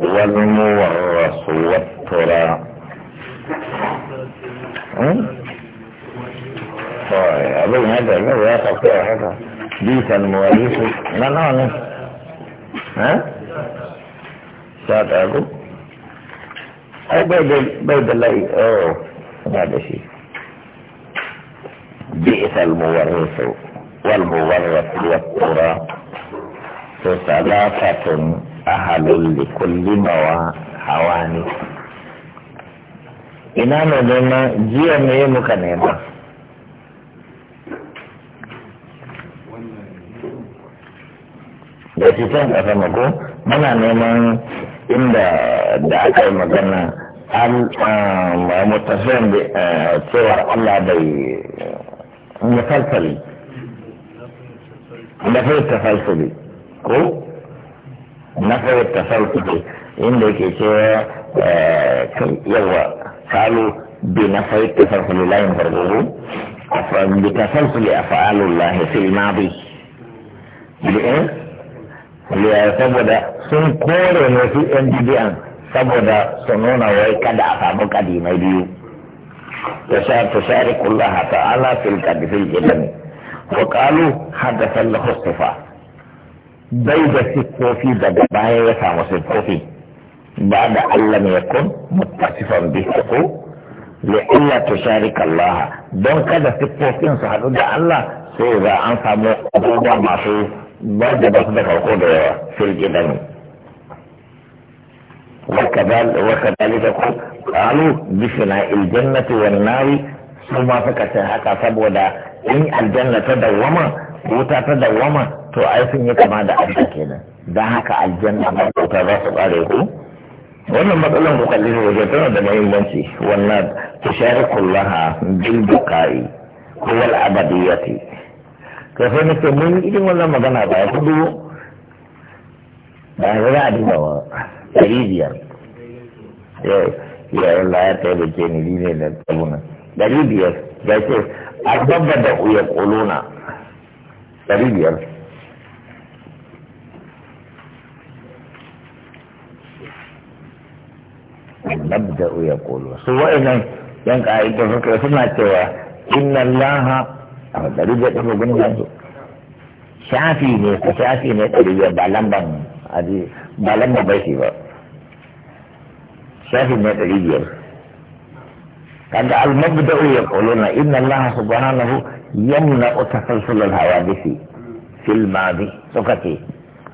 والمورخ والترى أظن طيب، هذا لا يقطع هذا بيت المواريث لا نعلم ها ساعد أقول أي بيد بيد الله أوه هذا شيء بئس المورث والمورث والترى فثلاثة ahalun likulli mawa hawa ne ina mai nema jiya ne muka nema da shi can ƙasa mako muna neman inda da aka yi magana an mutafiyan da cewar Allah bai mutafalfali da ko na kawai tasarrufi ne inda yake cewa eh, kan yawa salu bi na fai tasarrufi lillahi farbuhu bi fa'alun lahi fil liya eh? eh, saboda sun kore ne su yan bidiyan saboda su nuna wai kada a samu mai biyu تشارك الله تعالى fil kadi fil الجنة وقالوا حدث الله الصفات bai da siffofi daga baya ya samu siffofi ba da Allah ya kun muttasifan bi ko li'alla tusharika Allah don kada siffofin su haɗu da Allah sai za an samu abubuwa masu wanda ba su da farko da yawa fil gidan وكذلك قالوا بفناء الجنة والنار ثم فكت هكا سبودا إن الجنة تدوما وتا تدوما to ai sun yi kama da Allah kenan dan haka aljanna ma ta za su bare ku wannan matsalan ku kalli ne wajen tana da mahimmanci wannan kullaha bil bukai ko wal abadiyati to sai nake mun yi irin wannan magana ba ku dubo ba ga da duba wa taribiyar eh, ya Allah ya ke ni ne da tabuna Ɗari biyar ya ce a babba da uya kuluna Ɗari biyar nabda'u ya kolo su wa'annan yan ka'idar suka suna cewa inna laha a dari da ɗaga gungun su shafi ne ka shafi ne ɗari da ba lamban ba lamban bai shi ba shafi ne ɗari biyar kaga al-mabda'u ya kolo na inna laha subhanahu yamna'u tasalsulul hawadisi fil madi suka ce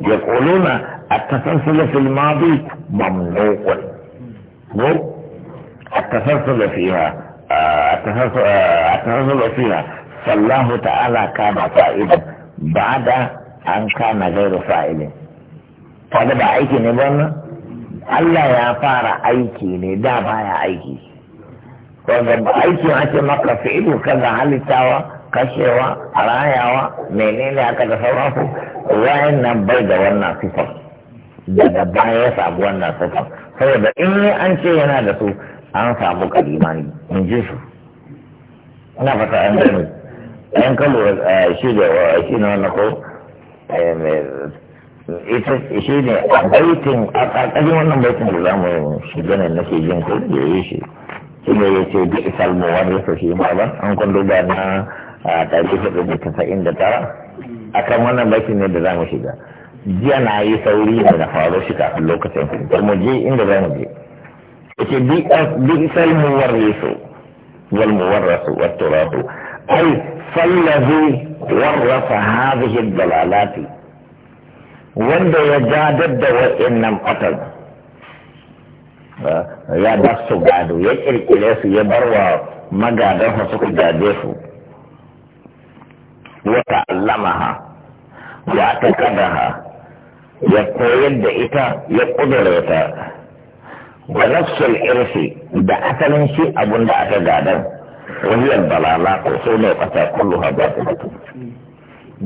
يقولون التسلسل في الماضي ممنوع التسلسل فيها التسلسل, التسلسل فيها فالله تعالى كان فائدا بعد أن كان غير فائد هذا بأيك نبونا Allah ya fara aiki ne da baya aiki. Wanda ba aiki ake maka fi'ilu kaga halittawa, kashewa, rayawa, menene aka da sauransu wayan nan bai da wannan sifar daga baya ya samu wannan sifar saboda in an ce yana da su an samu kalimani in ji su ina fata an gani ɗan kalo eh, shi da eh, shi ne wannan ko eh, ita shi ne a baitin a ƙarƙashin wannan baitin da za mu shiga na nake jin ko da yi shi shi ne ya ce bi isalmu wani ya ma ba an kwando da na ɗari hudu da tasa'in da tara akan wannan baki ne da za mu shiga jiya na yi sauri ne na faru shi kafin lokacin kuma mu je inda za mu je yace bi sal su wal muwarrasu wat turabu ai fallazi warrafa hadhihi dalalati wanda ya gadar da wa'annan fatan ya da su gado ya kirkire su ya barwa magadan su suka gade su yata'allamaha ya kadaha, ya koyar da ita ya kudurata wa nafsul irfi da asalin shi abun da aka gada wahiyar balala ko so ne kwata kulluha ba ta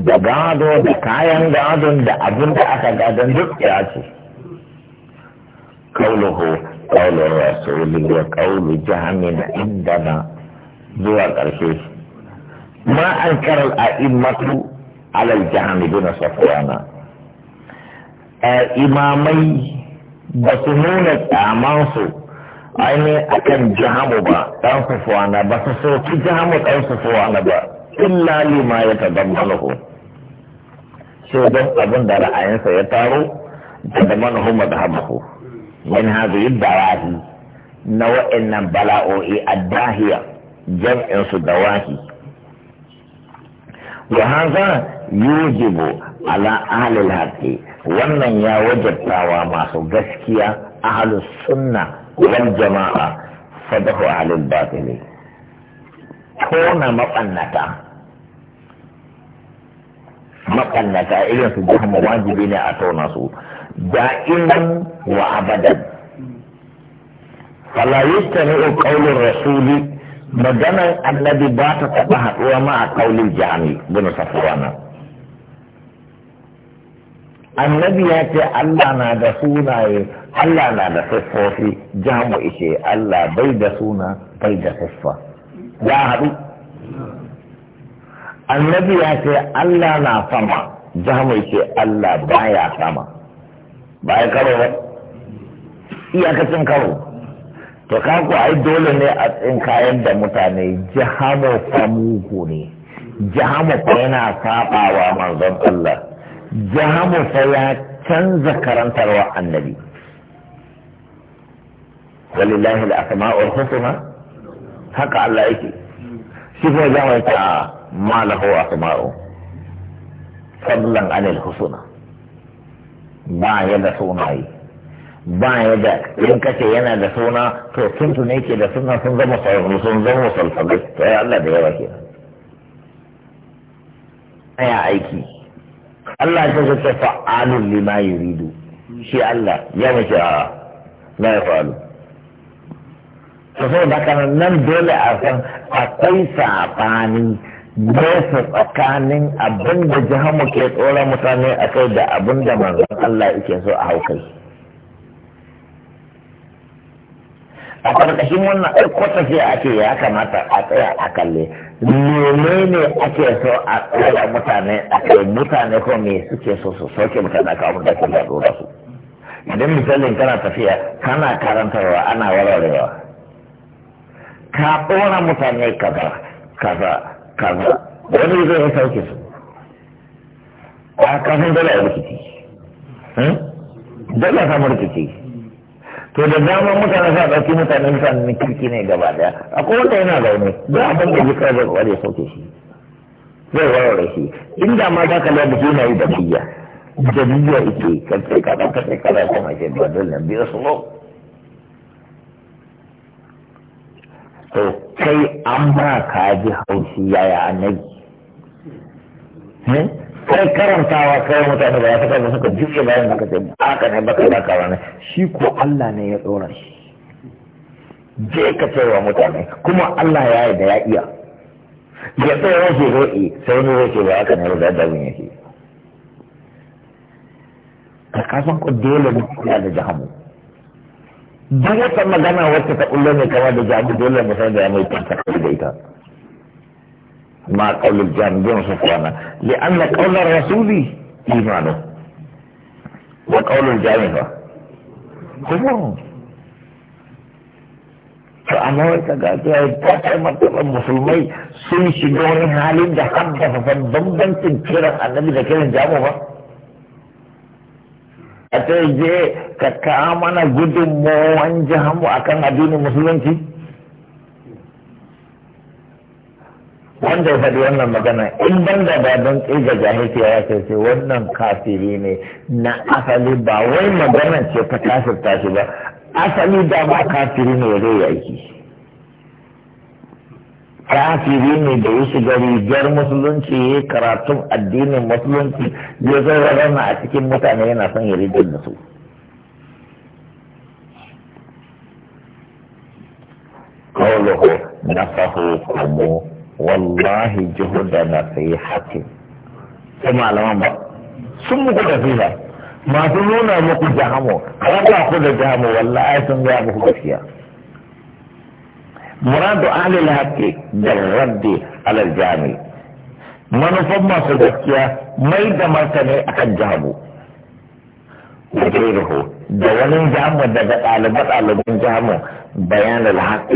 da gado da kayan gadon da abun da aka gadon duk ya ce kauluhu kaulun rasulullah kaulu jami'a inda na zuwa ƙarshe shi ما أنكر الأئمة على الجهم بن صفوان إمامي بسنون أعمانسو أين أكن جهم با تن صفوان بس سوكي جهم تن صفوان با إلا لما يتضمنه شو دم أبن دار أين سيطارو تضمنه مذهبه من هذه الدواهي نوع إن بلاؤي الداهية جمع سدواهي ga haza yujibu ala ahalil haƙi wannan ya wajabtawa masu gaskiya ahalus sunna wal jama'a sadahu ahalil batili tona maɓannata maɓannata irin su jihama wajibi ne a tona su da'iman wa abadan fala yi ta ne rasuli rasuli maganar annabi ba ta taɓa haɗuwa ma a ƙaunin jami bin safuwana annabi ya ce Allah na da sunaye Allah na da siffofi mu ishe Allah bai da suna bai da siffa ya haɗu annabi ya ce Allah na sama mu ishe Allah baya sama ba ya karo ba iyakacin karo to kaku ai dole ne a kayan da mutane jihamo famuku ne jihamo fa yana sabawa manzon Allah jihamo fa ya canza karantarwa annabi walillahi al-asma'ul husna haka Allah yake shi ko jama'a ah, ta malahu lahu asma'u fadlan anil husna ba ya da sunaye ba ya da in kace yana da suna to tuntu ne ke da suna sun zama sauran sun zama musalsalai to ya Allah da yawa ke aya aiki Allah ya ce ta fa'alun lima yuridu shi Allah ya mace a la ya fa'alu to sai da kana nan dole a san akwai sabani nesa tsakanin abin da mu ke tsoron mutane kai da abin da manzon Allah yake so a haukai. a ƙarƙashin wannan kwasa tafiya ake ya kamata a tsaya a kalle nome ne ake so a tsaya mutane a kai mutane ko me suke so su soke mutane a kawo da kuma da su idan misalin kana tafiya kana karantarwa ana warwarewa ka ɗora mutane kaza kaza kaza wani zai yi sauke su a kafin dala ya rikici hmm? dala samu rikici to da dama mutane sa ɗauki mutane mutane kirki ne gaba daya akwai wanda yana zaune da a da jikar da ya sauke shi zai warware shi inda ma za ka da shi na yi da biya da biya ike ka ce ka ɗan ka ka ɗan kuma ke ba dole biya su lo to kai an ba ka ji haushi yaya annabi hmm? kai karantawa kai mutane ba ya saka suka juye bayan da kace haka ne ba baka wani shi ko Allah ne ya dora shi je ka cewa mutane kuma Allah ya yi da ya iya ya tsaya shi roƙi sai ne yake ba haka ne da dabin yake ka kasan ko dole mu kula da jahamu duk wata magana wacce ta kullo ne kama da jahamu dole mu san da ya mai tantaka da ita ما قول الجان بن صفوان لأن قول الرسول إيمانه وقول الجان كفر فأنا وكذا يا مرتبة المسلمين sun shiga wani halin da haddasa san bambancin kiran annabi da kiran jamu ba a ta je ka kawo mana akan addinin musulunci wanda ya faɗi wannan magana in banda ba don ƙirga jahilci ya ce ce wannan kafiri ne na asali ba wai magana ce ta kafirta shi ba asali da ba kafiri ne zai yi aiki kafiri ne da ya shiga rigar musulunci ya karatun addinin musulunci ya zai rarrana a cikin mutane yana son ya rigar da su قوله نفه mu. والله جهود جهد نصيحة كما لما سمو كدا فيها ما تنونا مكو جهامو كما تأخذ جهامو والله آيسان جهامو كدسيا مراد أهل الحق جرد على الجامع ما نفهم ما سدسيا ما إذا ما سنه جهامو وغيره دولين جهامو دقات على بطع لدين جهامو بيان الحق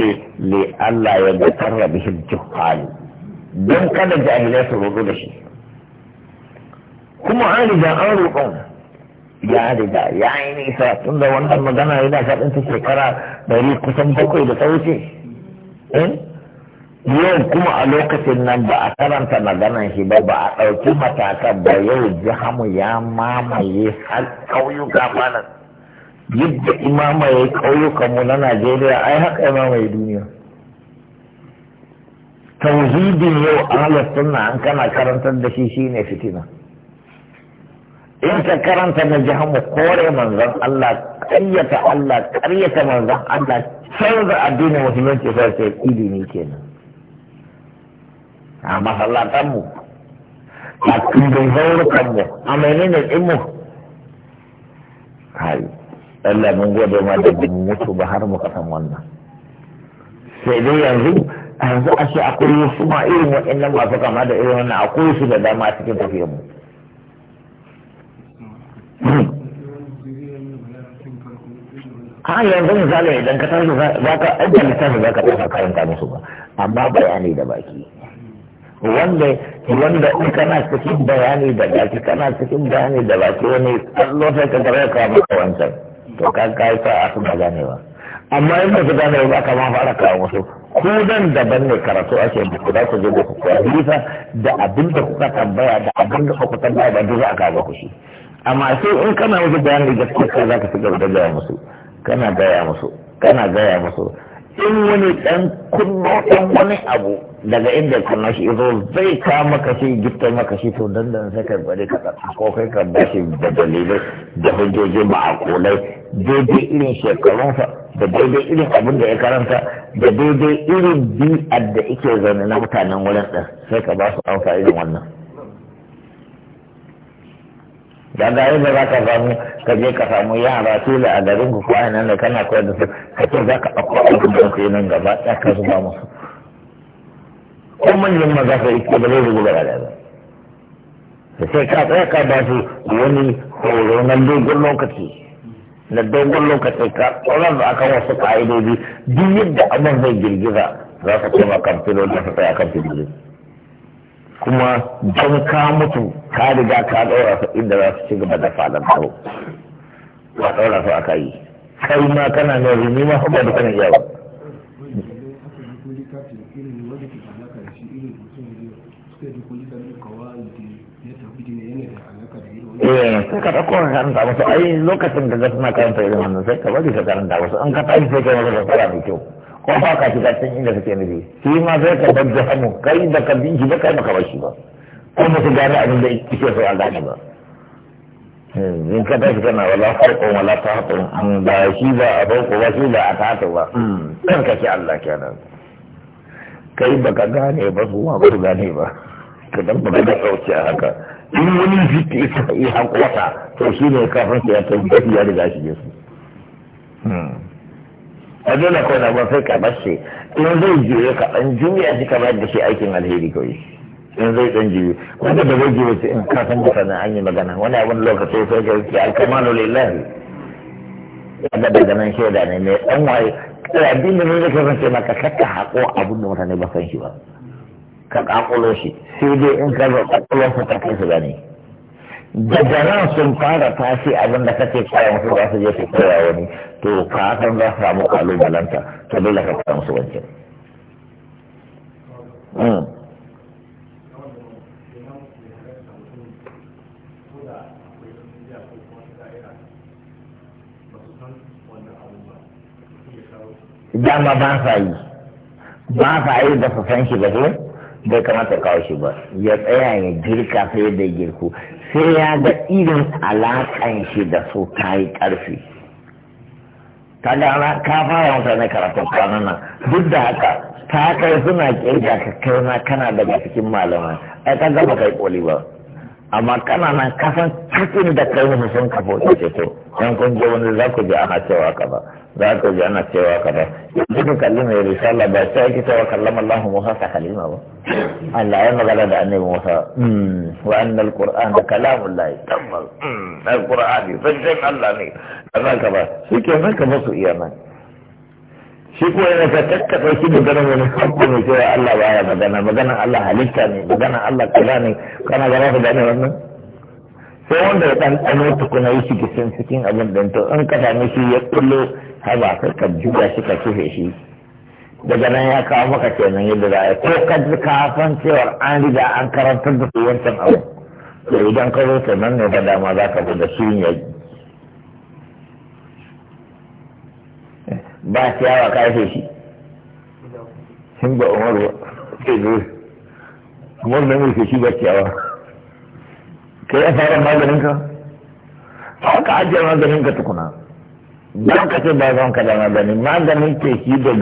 لألا يتكرر به الجهال don kada jahilai su roƙo da shi kuma an riga an roƙon ya riga ya yi nisa tun da wannan magana yana faɗin ta shekara ɗari kusan bakwai da ta wuce eh? yau kuma a lokacin nan ba a karanta maganan shi ba ba a ɗauki matakan ba yau jihamu ya mamaye har ƙauyuka kwanan yadda yi ƙauyukanmu na najeriya ai haka ya mamaye duniya tauhidin yau ahalar sunna an kana karantar da shi shine fitina in ka karanta na mu kore manzan Allah karyata Allah karyata manzan Allah canza addinin musulunci sai sai ilimi kenan a masallatanmu a kundin zaurukanmu a menene ɗinmu kai Allah mun gode ma da mutu ba har muka san wannan sai dai yanzu a yanzu a ce akwai wasu ma irin waɗannan masu kama da irin wannan akwai su da dama cikin tafiyar mu a yanzu misali idan ka tashi za ka ajiye littafin za ka kayan kanu su ba amma bayani da baki wanda wanda in kana cikin bayani da baki kana cikin bayani da baki wani tsallo sai ka gare ka maka wancan to ka kai sa a su ganewa amma in ba su gane ba ka ma fara kawo musu ko dan daban ne karatu ake muku za ku je ku koya bisa da abin da kuka tambaya da abin da kuka tambaya da duk za a kawo ku shi amma sai in kana musu bayani gaskiya kai za ka fi gaba da gaya musu kana gaya musu kana gaya musu in wani dan kunno dan wani abu daga inda kuna shi zo zai ka maka shi gifta maka shi to dan dan sai ka bari ka ko kai ka ba shi da dalilai da hujjoji ba a kolai daidai irin shekarun sa da daidai irin abin da ya karanta da daidai irin bi'ar da yake zaune na mutanen wurin din sai ka ba su amsa irin wannan da ga yadda za ka samu ka je ka samu yara tula a garin ku ko nan da kana koyar da su ka ce za ka ɗauko abin da ku yi nan gaba ɗaya ka zuba musu ko manyan maza ka iko ba zai rubu da rada ba sai ka tsaya ka ba su wani horo na dogon lokaci na dogon lokaci ka tsoron da akan wasu ka'idodi duk yadda abin zai girgiza za ka koma kan filo da ka tsaya kan filo kuma don ka mutu ka riga ka ɗora su inda za su ci gaba da falon tsaro ba ɗora su aka yi kai ma kana ne rumi ma hukumar da kana iya eh sai ka dauko ka karanta musu ai lokacin da suna karanta irin wannan sai ka bari ka karanta musu an ka mai kyau ko ba ka shiga cikin inda suke shi ma sai ka bar jahannu kai da ka bi shi ba kai ba ko ba su gane abin da so a gane ba eh, in ka tashi kana wala farkon wala tahatun an ba shi ba a farko ba shi ba a tahatu ba kan hmm. ka Allah kenan kai baka gane ba su ma ba su gane ba ka dan ba ka haka in wani jiki ya taɓa iya hankwata to shi ne kafin ya tafi ya riga shi su hmm. a dole kawai da ba sai ka bashe in zai jiwe ka ɗan juya shi ka bayar da shi aikin alheri kawai in zai ɗan jiwe wanda da zai jiwe su in kafin da sana an yi magana wani abin lokacin sai ka yi alkamalu lillahi wanda daga nan shaida ne mai ɗan waye addinin ne zai kasance maka kakka haƙo abin da mutane ba san shi ba. ka kakulo shi sai dai in ka zo kakulo su ta kai su gani daga nan sun fara tashi abin da kake koya musu ba su je su koya wani to ka san za su samu kalubalanta to dole ka koya musu wancan hmm. dama ba sa yi ba sa yi da su san shi ba ko bai kamata kawo shi ba ya tsaya ya girka sai da girku sai ya ga irin alaƙan shi da su ta yi ƙarfi ta gana ka fara na karatun kwanan nan duk da haka ta kai suna ƙirga ka kai ma kana daga cikin malama ai ka gaba kai koli ba amma kana nan kasan cikin da kai musu sun kafa wata ceto yan kun je wani za ku ji ana cewa ka ba za ku ji ana cewa ka ba yanzu ka kalli mai risala ba sai ki cewa kallama Allah Musa ta kalima ba Allah ya magana da annabi Musa hmm. wa anna alqur'ana kalamullah tabbas hmm. alqur'ani zan Allah ne kaza ka ba shi ke nan ka musu iya nan shi kuwa yana ka kakkaɓa shi magana wani mai cewa Allah ya magana magana Allah halitta ne magana Allah kaza ne kana ga ka gane wannan sai wanda ya ɗanɗano tukuna yi shi gisin cikin abin da to in ka same shi ya kullo haba ka ka juya shi ka kife shi daga nan ya kawo maka kenan yadda za a yi ko ka ji kafan cewar an riga an karantar da su wancan abu to idan ka zo nan ne da dama za ka bude shirin ya ba ciyawa ka haife shi sun ba umaru ke zo umaru na mulke shi ba ciyawa kai ya fara maganin ka ba ka ajiye maganin ka tukuna ba ka ce ba zan ka da magani maganin ke shi da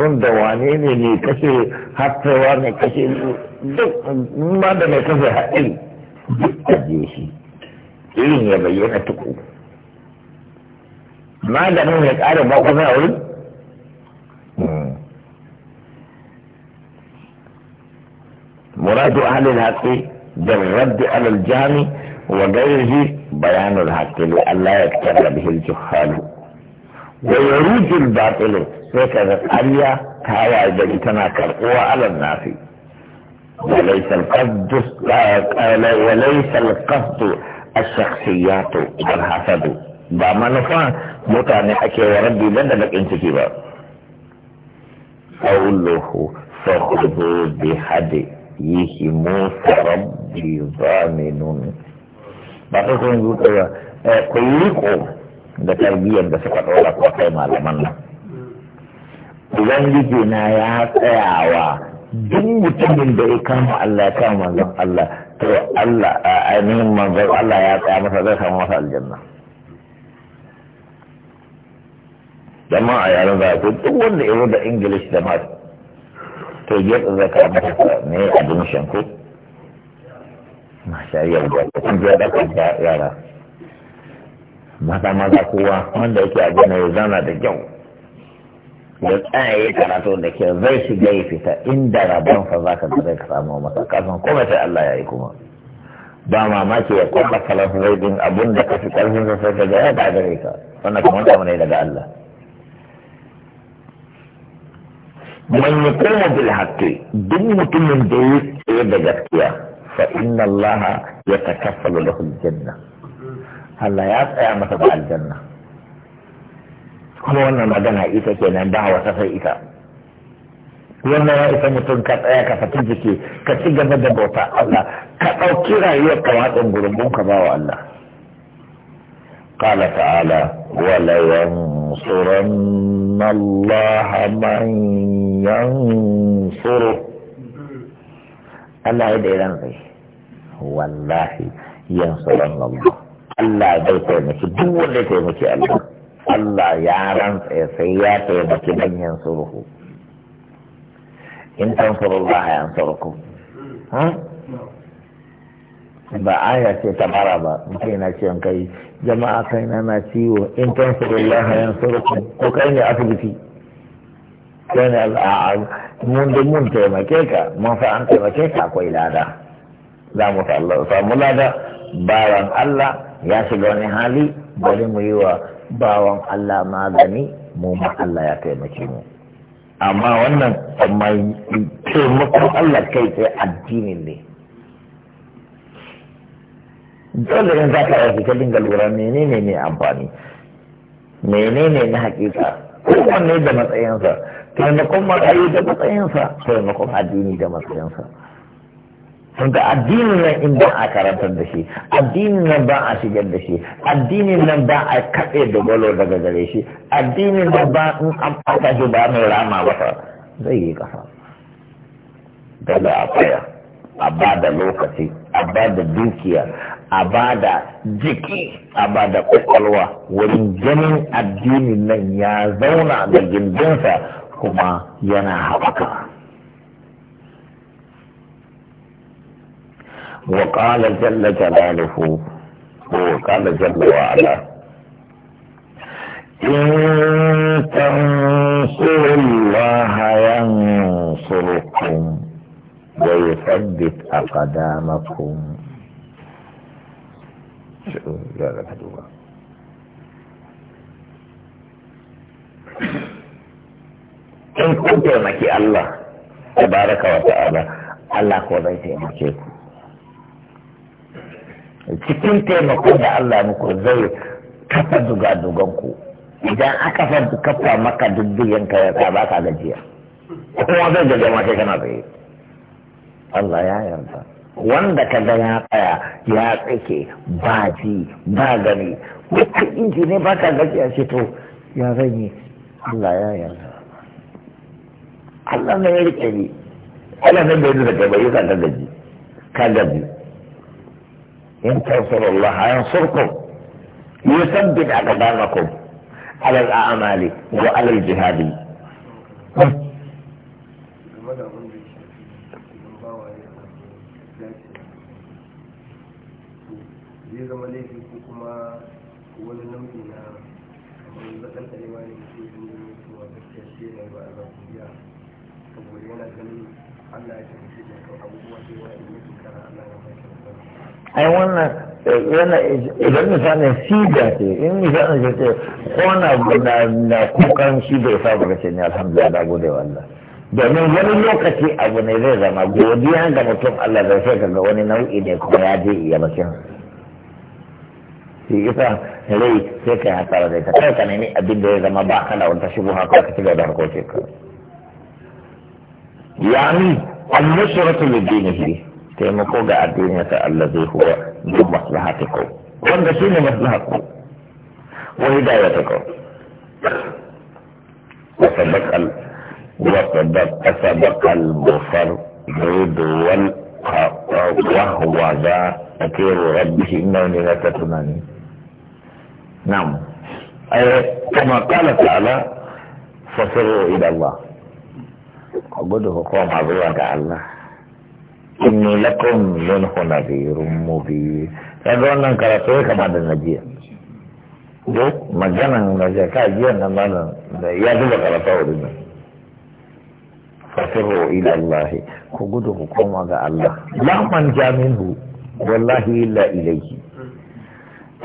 zan da wane ne ne kashe hatsawa ne kashe duk ma da mai kashe haɗi duk ajiye shi irin ya bayyana tuku maganin ya ƙara ba kuma a wurin مراد أهل الحق بالرد على الجهل وغيره بيان الحق لئلا يتكلم به الجهال ويروج الباطل فكذا القرية هاي إذا تناكر قوى على الناس وليس القصد وليس القصد الشخصيات والحسد ba manufa mutane ake wa rabbi لك انت bakin ciki ba qawluhu fakhudhu fihi musa rabbi zaminun ba ta kun yi ba ku yi riko da tarbiyyar da suka ɗora ko kai malaman nan ubangiji na ya tsayawa duk mutumin da ya kama Allah ya kama manzon Allah to Allah a ainihin manzon Allah ya tsaya masa zai samu masa aljanna jama'a ya za a duk wanda ya da English da Math to yi yadda zaka mata ne admission ko masha yadda da kun je da kan yara maza maza kowa wanda yake a gina ya zana da kyau ya tsaya ya karatu da kyau zai shiga ya fita inda rabon fa za ka zai ka samu masa kasan kuma sai Allah ya yi kuma ba mamaki ya kwamba kalafin zai din abun ka fi karfin sa sai ka ga ya da gare ka wannan kuma wanda ne daga Allah man yuqimu bil haqqi duk mutumin da ya tsaye da gaskiya fa inna Allah yatakaffalu lahu al janna Allah ya tsaya masa da aljanna kuma wannan magana ita kenan da hawa sai ita wannan ya mutum ka tsaya ka fata jiki ka ci gaba da bauta Allah ka ɗauki rayuwar ka watsin gurumbun ka ba wa Allah قال تعالى ولينصرن الله من yansuru Allah ya dai ranzai wallahi yansuru Allah Allah zai taimaki duk wanda ya taimaki Allah Allah ya rantsa sai ya taimaki dan yansuru in tansurullaha yansurukum ha ba aya ce ta bara ba mutum na ce kai jama'a kaina na ciwo in tansurullaha yansurukum ko kai ne asibiti kai a mun da mun taimake ka mun fa an taimake ka akwai lada za mu Allah samu lada bawan Allah ya shiga wani hali bari mu yi wa bawan Allah magani mu ma Allah ya taimake mu amma wannan mai taimakon Allah kai sai addinin ne dole in za ka yi ka dinga lura menene ne amfani menene na hakika kowanne da matsayinsa taimakon marayu da matsayinsa taimakon addini da matsayinsa ga addinin nan in ba a karantar da shi addinin nan ba a shigar da shi addini nan ba a katse da gwalo daga gare shi addinin nan ba in an fata shi ba mai rama ba zai yi kasa dole a a ba da lokaci a ba da dukiya a ba da jiki a ba da kwakwalwa wurin ganin addinin nan ya zauna da gindinsa kuma yana haɓaka وقال جل جلاله وقال جل وعلا إن تنصروا الله ينصركم ويثبت أقدامكم شو لا لا in kun taimaki Allah baraka wa ta'ala Allah ko zai taimake ku cikin taimako da Allah muku zai kafa dugan ku idan aka fa kafa maka dubbiyan ka ya ka baka gajiya kuma zai gaje ma sai kana tsaye Allah ya yarda wanda ka ga ya tsaya ya tsake ba ji ba gani wata inji ne baka gajiya shi to ya zan Allah ya yarda Allah ne ya rike ni Allah ne bai da kai yasa ka gaji ka gaji in tansurullah yansurkum yusabbit aqdamakum ala al-a'mali wa ala al-jihadi zai zama laifi ko kuma wani nau'i na kamar zakan ne ne ke yi ne gaskiya shi ne ba a saboda yana ganin Allah ya ce da kawai abubuwa sai wani ne su kara Allah ya bai ai wannan yana idan misalin siga ce in misalin shi ce kona na na kukan shi bai sa baka ce ne alhamdulillah da gode wa domin wani lokaci abu ne zai zama godiya ga mutum Allah zai sai ka ga wani nau'i ne kuma ya je iya bakin shi isa rai sai ka yi hasara da ita kai ka nemi abin da ya zama ba kana wata shubuha ko ka ci gaba da harkokin ka يعني النصرة لدينه فيه تيما قوغا الدين الذي هو من مصلحتكم وانت سين مصلحتكم وهدايتكم وصدق ال وصدق أصدق المفر رضوان وهو ذا أكير ربه إنه لا تتناني نعم أي كما قال تعالى فصروا إلى الله abudu gudu ku koma zuwa ga Allah inni lakum minhu nadhirun mubin kaga wannan karatu ya kama da najiya duk maganan najiya ka jiya nan malam da ya zuba karatu wuri nan fasiru ila Allah ku gudu ku koma ga Allah la man jaminu wallahi la ilayhi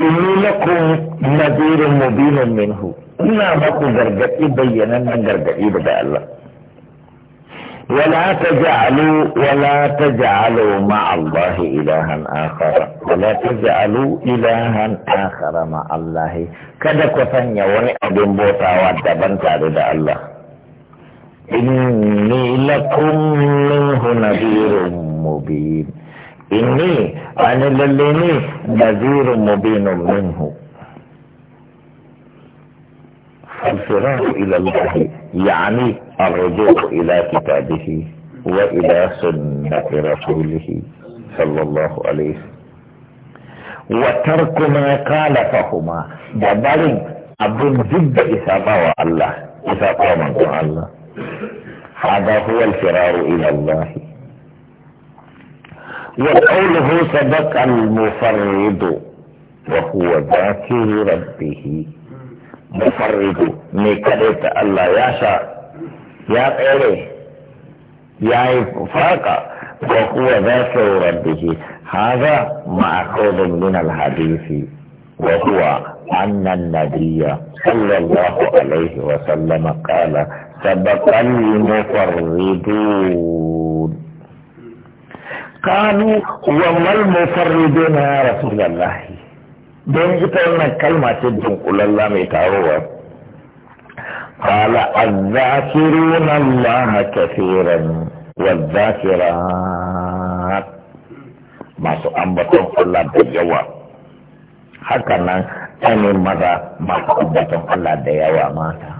inni lakum nadhirun mubinun minhu ina maku gargadi bayyanan nan gargadi daga Allah ولا تجعلوا ولا تجعلوا مع الله إلها آخر ولا تجعلوا إلها آخر مع الله كذا كفن يوني أبن بوتا ودبن تعرض الله إني لكم منه نذير مبين إني أنا لليني نذير مبين منه الفراق إلى الله يعني الرجوع إلى كتابه وإلى سنة رسوله صلى الله عليه وترك ما خالفهما جبل أبن اذا إصابة الله اذا من الله هذا هو الفرار إلى الله وقوله صدق المفرد وهو ذاكر ربه mufarridu mai ta Allah ya sha ya tsere ya yi farka wa kuwa za su rabbihi haza ma'akodin min alhadisi wa huwa annan nabiyya sallallahu alaihi wa sallama qala sabaqal mufarridun kanu wa mal mufarriduna ya rasulullahi don ita wannan kalma ce dunkulalla mai tarowa na azzakiruna kafiran wa zafira masu ambaton Allah da yawa haka nan ne maza masu ambaton Allah da yawa mata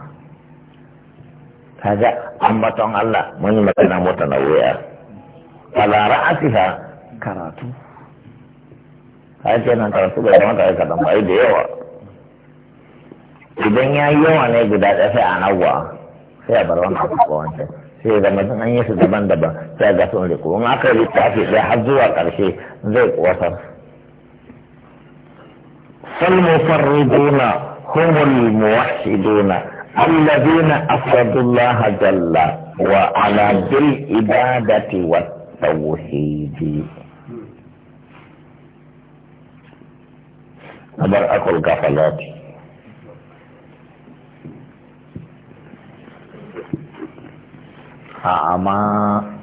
kaga ambaton Allah mun yi magana mota na wuya ala ra'atiha karatu ai kenan karatu bai kamata ya kaɗan bai da yawa idan ya yi yawa ne guda ɗaya sai a nagwa sai a bar wannan kuka wancan sai zama sun an yi su daban-daban sai ga sun riko in aka yi littafi ɗaya har zuwa ƙarshe zai kuwatar فالمفردون هم الموحدون الذين أفردوا الله جل وعلا بالعبادة والتوحيد abar akul gafalati a amma